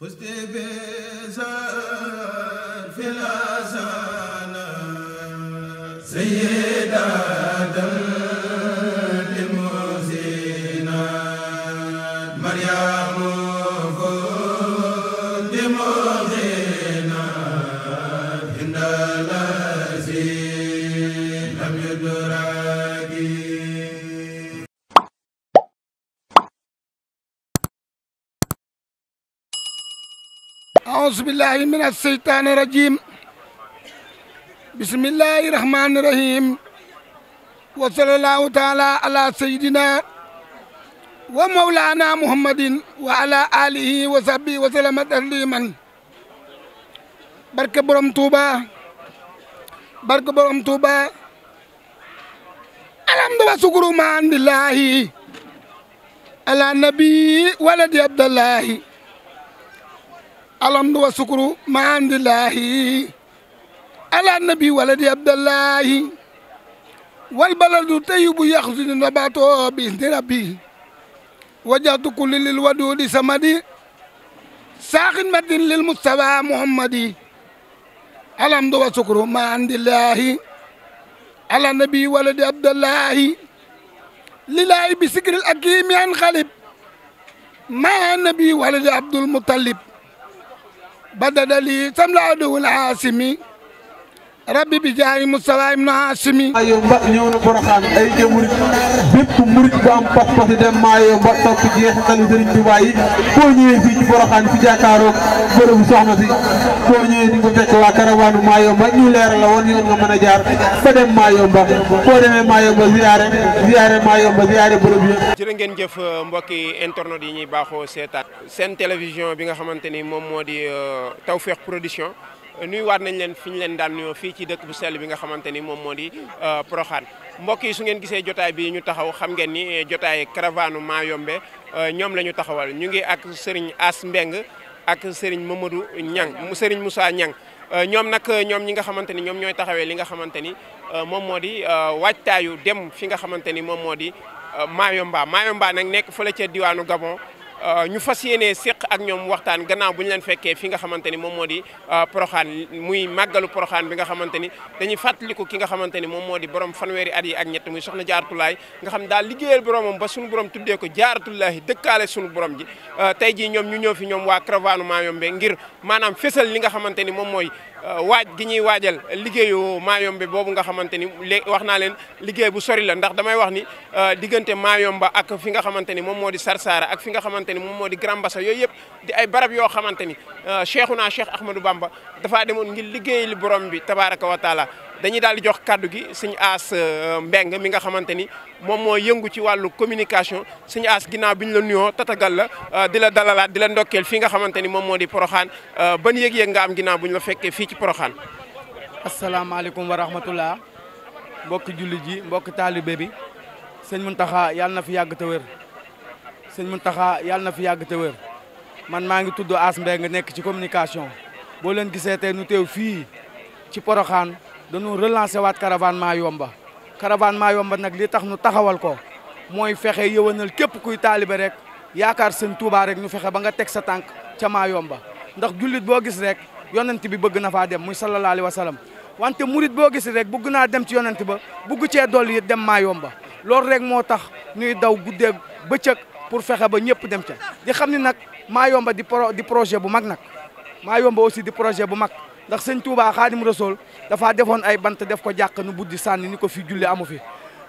فزت بزار في الأزانة سيدة أعوذ بالله من الشيطان الرجيم بسم الله الرحمن الرحيم وصلى الله تعالى على سيدنا ومولانا محمد وعلى آله وصحبه وسلم تسليما barke borom Touba barke borom Touba alhamdu wa sukuru ma andillahi ala nabi waladi abdallahi alhamdu wa sukuru ma andillahi ala nabi waladi abdallahi wal baladu tayyibu yaxruju nabaatuhu bi izni rabbi wajjahtu kulli lil wadudi samadi saaxin madin lil mustafa muhammadi alhamdu wa sukuru ma andillahi ala nabi waladi abdallahi lilahi bi sikril akimi an xalib ma nabi waladi abdul mutalib بدل لي تملا العاصمي rabbi bi jaay Moustapha ibn Haashimi Mayumba ñëw na Porokhane ay ca murit bépp murit bu am pas-pas dem Mayumba topp jeexitalu Sëriñ soxna si boo ñëwee di a jaar ba dem ngeen jëf euh, mbokki internet yi ñuy baaxoo seetaat seen télévision bi nga xamante ni moom moo di euh, Tawfekh Production nuyuwaat nañ leen fi ñu leen daan nuyoo fii ci dëkk bu sell bi nga xamante ni moom moo di euh, Porokhane mbokk yi su ngeen gisee jotaay bi ñu taxaw xam ngeen ni euh, jotaay caravane Mayombe euh, ñoom la ñu taxawal ñu ngi ak Serigne As Mbeng ak Serigne Mamadou Ñang Serigne Moussa Ñang ñoom nag ñoom ñi nga xamante ni ñoom ñooy taxawee li nga xamante ni moom moo di waajtaayu dem fi nga xamante ni moom moo di Mayomba Mayomba nak nekk fële ca diwaanu Gabon Euh, ñu fas yéenee séq ak ñoom waxtaan gannaaw bu ñu leen fekkee fi nga xamante ni moom moo di euh, poroxaan muy màggalu poroxaan bi nga xamante ni dañuy fàttaliku ki nga xamante ni moom moo di borom fanweeri at yi ak ñett muy soxna jaaratulaay nga xam daal liggéeyal boromam ba suñu borom tuddee ko jaaratulaahi dëkkaale suñu borom ji euh, tey jii ñoom ñu ñëw fi ñoom waa caravane Mayombe ngir maanaam fésal li nga xamante ni moom mooy Euh, waaj gi ñuy waajal liggéeyu yombe boobu nga xamante ni lé wax naa leen liggéey bu sori la ndax damay wax ni euh, diggante maa yomba ak fi nga xamante ni moom moo di Sarsara ak fi nga xamante ni moom moo di Grand Bassa yooyu yëpp di ay barab yoo xamante ni euh, Cheikhuna Cheikh Ahmadou Bamba dafaa demoon ngir liggéey li borom bi tabaraka wa dañuy daal di jox kàddu gi suñu aas euh, mbeng mi nga xamante ni moom moo yëngu ci wàllu communication suñu aas ginnaaw bi ñu la nuyoo tatagal la euh, di la dalalaat di la ndokkeel fii nga xamante ni moom moo di poroxaan euh, ban yëg-yëg nga am ginnaaw bu ñu la fekkee fii ci poroxaan asalaamaaleykum wa rahmatullah mbokki julli ji mbokki taalibe bi sëñ Muntaxa yàlla na fi yàgg te wér sëñ Muntaxa yàlla na fi yàgg te wér man maa ngi tudd aas mbeng nekk ci communication boo leen gisee tey nu fii ci poroxaan dañu relancer waat caravane maa yomba caravane maa yomba nag li tax nu taxawal ko mooy fexe yëwanal képp kuy taalibe rek yaakaar seen Tuubaa rek ñu fexe ba nga teg sa tànk ca maa yomba ndax jullit boo gis rek yonent bi bëgg na faa dem muy sallallahu alayhi wa sallam wante murit boo gis rek bëgg naa dem ci yonent ba bëgg cee dolli yi dem maa yomba loolu rek moo tax ñuy daw guddeeg bëccëg pour fexe ba ñëpp dem ca di xam ni nag maa yomba di pro di projet bu mag nag maa yomba aussi di projet bu mag ndax sëñ Touba Xaadim Rasool dafa defoon ay bant def ko jàq nu buddi sànni ni ko fi julli amu fi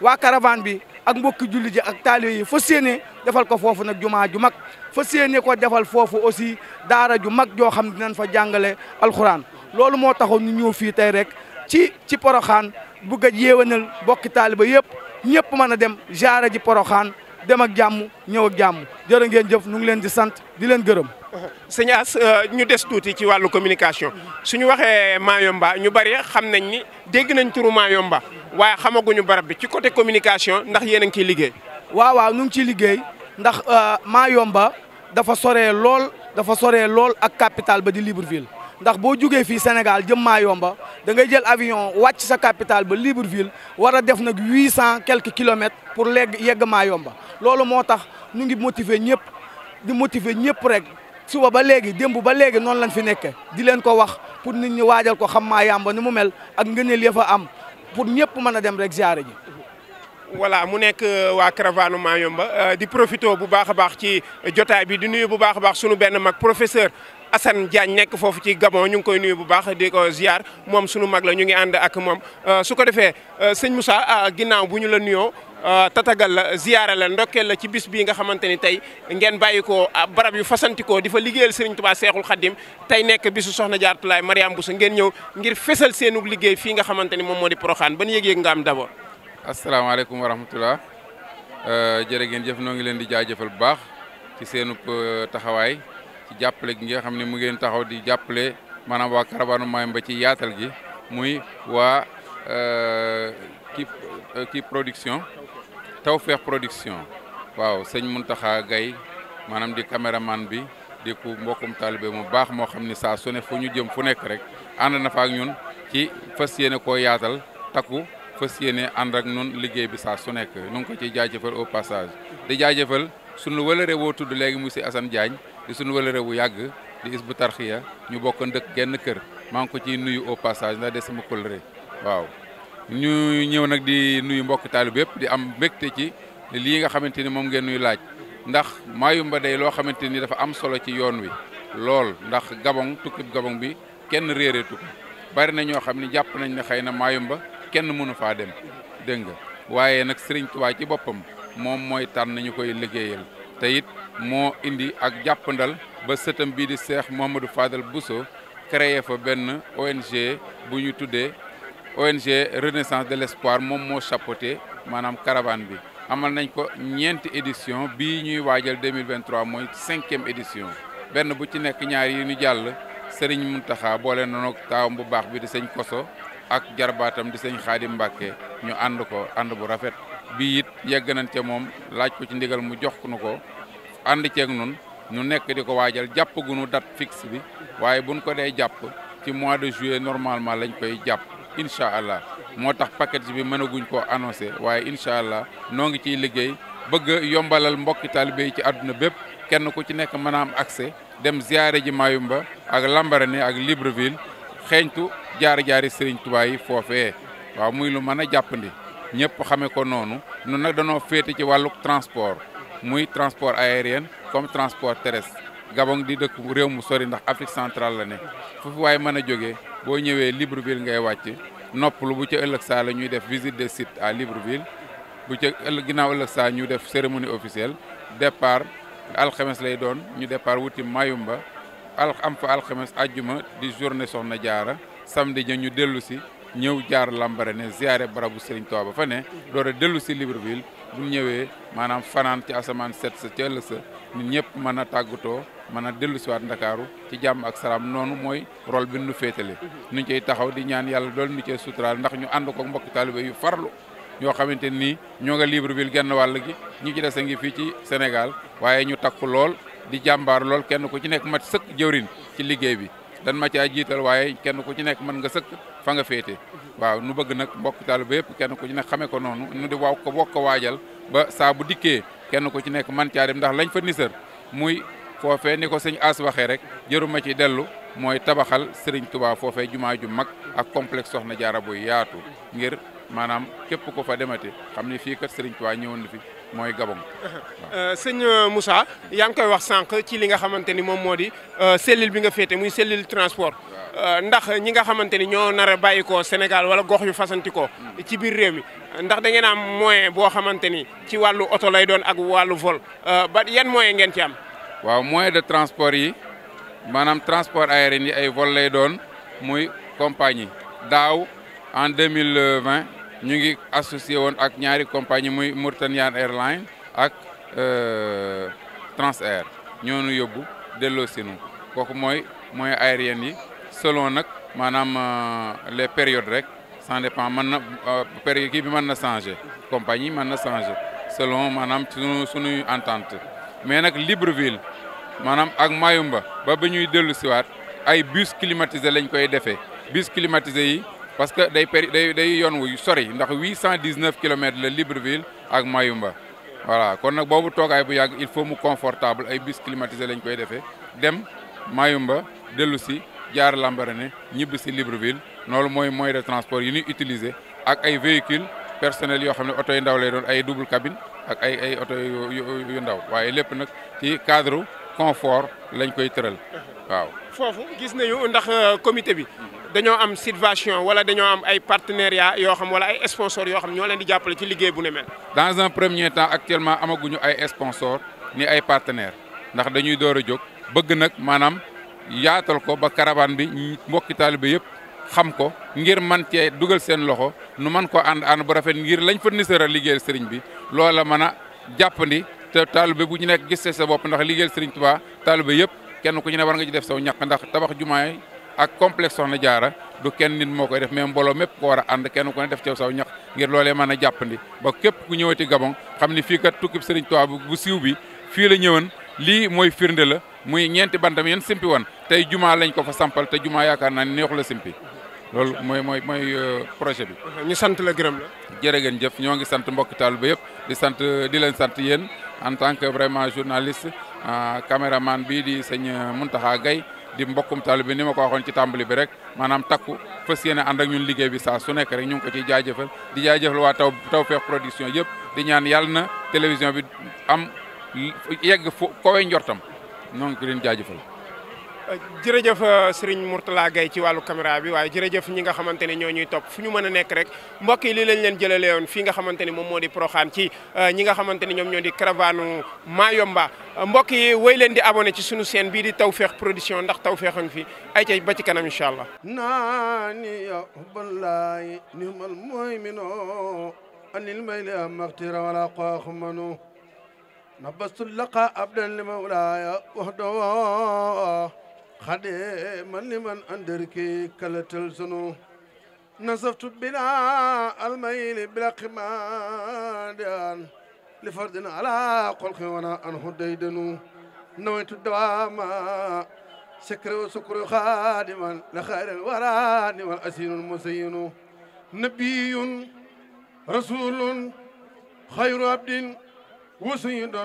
waa caravane bi ak mbokki julli ji ak taalibe yi fas yéene defal ko foofu nag jumaa ju mag fas yéene ko defal foofu aussi daara ju mag joo xam dinañ fa jàngale alxuraan loolu moo taxoon ñu ñëw fii tey rek ci ci poroxaan bugg a yéewanal bokki taaliba yëpp ñëpp mën a dem jaare ji poroxaan dem ak jàmm ñëw ak jàmm jërë ngeen jëf ñu ngi leen di sant di leen gërëm sëñ As euh, ñu des tuuti ci wàllu communication suñu waxee Mayumba ñu bari xam nañ ni dégg nañ turu Mayumba waaye xamaguñu barab bi ci côté communication ndax yéen a ngi liggéey. waaw waaw ñu ngi ciy liggéey ndax euh, Mayumba dafa soree lool dafa soree lool ak capitale ba di libre ville ndax boo jugee fii Sénégal jëm Mayumba da ngay jël avion wàcc sa capitale ba libre war wara def nag huit cent quelques kilomètres pour léegi yegg Mayumba loolu moo tax ñu ngi motiver ñëpp di motiver ñëpp rek. suba ba léegi démb ba léegi noonu lañ fi nekke di leen ko wax pour nit ñi waajal ko xam maa yàmba ni mu mel ak ngëneel ya fa am pour ñëpp mën a dem rek ziare ji. voilà mu nekk euh, waa caravane Mayumba euh, di profito bu baax a baax ci jotaay bi di nuyu bu baax a baax sunu benn mag professeur Assane Diagne nekk foofu ci Gabon ñu ngi koy nuyu bu baax di ko ziar moom sunu mag la ñu ngi ànd ak moom euh, su ko defee sëñ Moussa ah, ginnaaw bu ñu la nuyoo. Euh, tatagal la ziyaara la ndokkeel la ci bis bi nga xamante ni tey ngeen bàyyi ko ah, barab yu fasantikoo di fa liggéeyal Serigne Touba Seexul Xaddim tey nekk bisu soxna jaartulaay Mariam Bousso ngeen ñëw ngir fesal seenug liggéey fii nga xamante ni moom moo di Porokhane ban yëg-yëg nga am d'abord asalaamaaleykum wa rahmatullah euh, jërë ngeen jëf noo ngi leen di jaajëfal bu baax ci seenub euh, taxawaay ci jàppale gi nga xam ne mu ngeen taxaw di jàppale maanaam waa Caravane Mayumba ci yaatal gi muy waa kii production feex Production waaw sëñ Mountakha Gaye maanaam di caméraman bi di ku mbokkum taalibe mu baax moo xam ni saa su ne fu ñu jëm fu nekk rek ànd na fa ak ñun ci fas yéene koo yaatal takku fas yéene ànd ak ñun liggéey bi saa su nekk nu ngi ko ciy jaajëfal o passage di jaajëfal sunu wëlëre woo tudd léegi mu si Assane Diagne di sunu wëlëre wu yàgg di Hizbut Tarqiyyah ñu bokk ndëkk genn kër maa ngi ko ciy nuyu o passage ndax de sama kóllëre waaw ñu ñëw nag di nuyu mbokk taalib yëpp di am mbégte ci lii nga xamante ni moom ngeen nuy laaj ndax Mayumba day loo xamante ni dafa am solo ci yoon wi lool ndax gabon tukkib gabon bi kenn réereetu ko bari na ñoo xam ni jàpp nañ ne xëy na Mayumba kenn mënu faa dem dégg nga waaye nag Serigne Touba ci boppam moom mooy tànn ñu koy liggéeyal te it moo indi ak jàppandal ba sëtam bii di seex Mouhamadou Fadal Bousso créé fa benn ONG bu ñu tuddee ONG Renaissance de l'Espoir moom moo chapeauté maanaam caravane bi amal nañ ko ñeenti édition bii ñuy waajal 2023 mooy cinquième édition benn bu ci nekk ñaar yi ñu jàll Serigne Mountakha boole noonu taawam bu baax bi di sëñ Koso ak jarbaatam di sëñ Xaadim Mbàkke ñu ànd ko ànd bu rafet bii it yegg nañ ca moom laaj ko ci ndigal mu jox nu ko ànd ceeg nun ñu nekk di ko waajal jàpp gunu date fixe bi waaye buñ ko dee jàpp ci mois de juillet normalement lañ koy jàpp incha allah moo tax package bi mënaguñ ko annoncé waaye incha allah noo ngi ciy liggéey bëgg a yombalal mbokki taalibe yi ci àdduna bépp kenn ku ci nekk mën a am accès dem ziare ji Mayumba ak Lambaréné ak Libreville xeeñtu jaar-jaari Serigne Touba yi foofee waaw muy lu mën a jàppandi ñëpp xamee ko noonu nun nag danoo féete ci wàllu transport muy transport aérien comme transport terrestre Gabon di dëkk réew mu sori ndax Afrique centrale la ne foofu waaye mën a jógee boo ñëwee Libreville ngay wàcc noppalu bu ca ëllëg saa la ñuy def visite des site à Libreville bu ca ëllëg ginnaaw ëllëg saa ñu def cérémonie officielle départ alxemes lay doon ñu départ wuti Mayumba al am fa alxames ajjuma di journée soxna jaara samedi ja ñu dellu si ñëw jaar Lambaréné ziare barabu Serigne Touba ba fa ne door a dellu si Libreville bu ñëwee maanaam fanaan ci asamaan set sa ca sa ñun ñëpp mën a tàggatoo mën a dellu siwaat ndakaaru ci jàmm ak saraam noonu mooy rôle bi nu féetale mhm. nu cey taxaw di ñaan yàlla dool nu cee suturaal ndax ñu ànd ko mbokk taalibe yu farlu ñoo xamante nii ñoo nga Libreville genn wàll gi ñu ci des ngi fii ci Sénégal waaye ñu takku lool di jàmbaar lool kenn ku ci nekk mat sëkk jëwrin ci liggéey bi dan ma caa jiital waaye kenn ku ci nekk mën nga sëkk fa nga féete waaw nu bëgg nag mbokk taalibe yëpp kenn ku ci nekk xamee ko noonu nu di waaw ko bokk waajal ba saa bu dikkee kenn ku ci nekk man caa dem ndax lañ fa nisër muy foofee ni ko sëñ As waxee rek jëruma ci dellu mooy tabaxal Serigne Touba foofee jumaa ju mag ak complexe Soxna Jaara bu yaatu ngir maanaam képp ko fa demati xam ne fii kat Serigne Touba ñëwoon na fi mooy Gabon. Euh, sëñ euh, Moussa yaa ngi koy wax sànq ci li nga xamante ni moom moo di euh, cellule bi nga féete muy sellil transport. ndax ñi nga xamante ni ñoo nar bàyyi ko Sénégal wala gox yu fasantikoo hmm. ci biir réew mi ndax da ngeen am moyen boo xamante ni ci wàllu oto lay doon ak wàllu vol ba yan moyen ngeen ci am. waaw moyen de transport yi maanaam transport aérien yi ay vol lay doon muy compagnie daaw en 2020 ñu ngi associé woon ak ñaari compagnie muy Mauritanian Airlines ak euh, Transair ñoo nu yóbbu delloo sinu kooku mooy mooy aérienne yi selon nag maanaam euh, les périodes rek ça dépend mën na euh, période kii bi mën na changer compagnie mën na changer selon maanaam sunu suñuy entente mais nag Libreville maanaam ak Mayumba ba ba ñuy dellu siwaat ay bus climatisé lañ koy defee bus climatisé yi parce que day péri day day yoon wu sori ndax 819 kilomètres la Libreville ak Mayumba voilà kon nag boobu toogaay bu yàgg il faut mu confortable ay bus climatisé lañ koy defee dem Mayumba dellu si jaar Lambaréné ñibbi si libre Libreville loolu mooy moyen de transport yi ñuy utiliser ak ay véhicules personnels yoo xam ne oto yu ndaw lay doon ay double cabine ak ay ay oto yu ndaw waaye lépp nag ci cadre confort lañ koy tëral waaw. foofu gis nañu ndax euh, comité bi dañoo am situation wala dañoo am ay partenariat yoo xam wala ay sponsors yoo xam ñoo leen di jàppale ci liggéey bu ne mel. dans un premier temps actuellement amaguñu ay esponsor ni ay partenaires ndax dañuy door a jóg bëgg nag maanaam yaatal ko ba caravane bi mbokki taalibe yëpp xam ko ngir man cee dugal seen loxo nu man ko ànd ànd bu rafet ngir lañ fa nisara liggéeyal sëriñ bi loola mën a jàppandi te taalibe bu ñu nekk gis sa bopp ndax liggéeyal sëriñ Tuubaa taalibe yëpp. kenn ku ñu ne war nga ci def saw ñaq ndax tabax jumaay ak complexe soxna jaara du kenn nit moo koy def mais mbooloo mépp ko war a ànd kenn ku ne def ci saw ñaq ngir loolee mën a jàppandi ba képp ku ñëwati Gabon xam ni fii kat tukkib Serigne Touba bu siiw bi fii la ñëwoon lii mooy firnde la muy ñeenti bantam yéen simpi woon tey jumaa lañ ko fa sampal te jumaa yaakaar na ne neexu la simpi loolu mooy mooy mooy euh, projet bi. ñu sant la gërëm la. jërë ngeen jëf ñoo ngi sant mbokk taal ba yëpp di sant di leen sant yéen en tant que vraiment journaliste. Euh, maan bii di sëñ euh, Muntaxa Gay di mbokkum taalibe bi ni ma ko waxoon ci tàmbali bi rek maanaam takku fas yéene ànd ak ñun liggéey bi saa su nekk rek ñu ngi ko ciy jaajëfal di jaajëfal waa taw Tawfekh Production yëpp di ñaan yàlla na télévision bi am yegg fu kowe njortam ñoo ki ko leen jaajëfal jërëjëf euh, Serigne Mourtala Gaye ci wàllu caméra bi waaye jërëjëf ñi nga xamante ne ñoo ñuy topp fu ñu mën a nekk rek mbokk yi li lañ leen jëlale yoon fii nga xamante ni moom moo di Proxaan ci euh, ñi nga xamante ni ñoom ñoo di caravane Mayomba mbokk yi woy leen di abonné ci sunu seen bii di Tawfekh Production ndax Tawfekh a ngi fi ay ca ba ci kanam incha allah naani ya hubballaahi nimal mu'minu anil mayli maktira wala qaxmanu نبست اللقاء أبدا لمولاي وحده خدي من لمن أندركي كلتل سنو نصفت بلا الميل بلا قمادان لفرد على قلق وانا أنه ديدنو نويت الدوام سكر وسكر خادما لخير الوران والأسير المسين نبي رسول خير عبد وسيد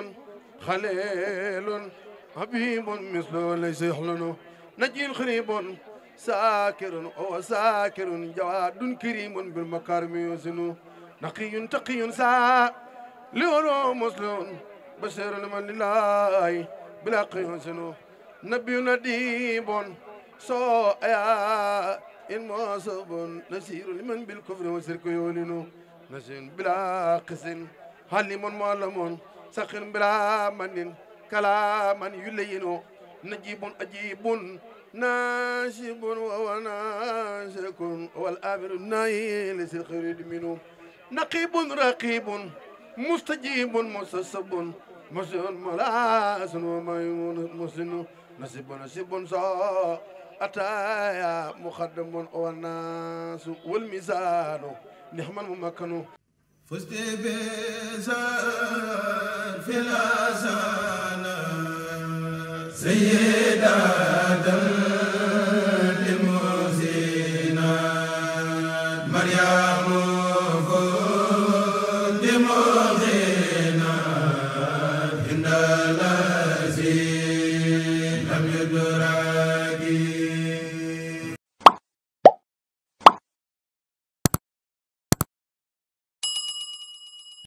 خليل حبيب مثله ليس يحلنه نجي خريب ساكر وساكر جواد كريم بالمكارم يوزن نقي تقي سا لورو مسلم بشر من الله بلا قيوزن نبي نديب سو يا المواصب نسير لمن بالكفر وسرك يولن نسين بلا قسن حليم معلم سخن بلا من كلاما يلينو نجيب أجيب ناشب وناشك والآبر النايل سخرد منه نقيب رقيب مستجيب مسسب مسن ملاس وميمون مسن نسب نسب سا أتايا مخدم والناس والميزان نحمل ممكنه فزت بزار في الأزار sayyidatan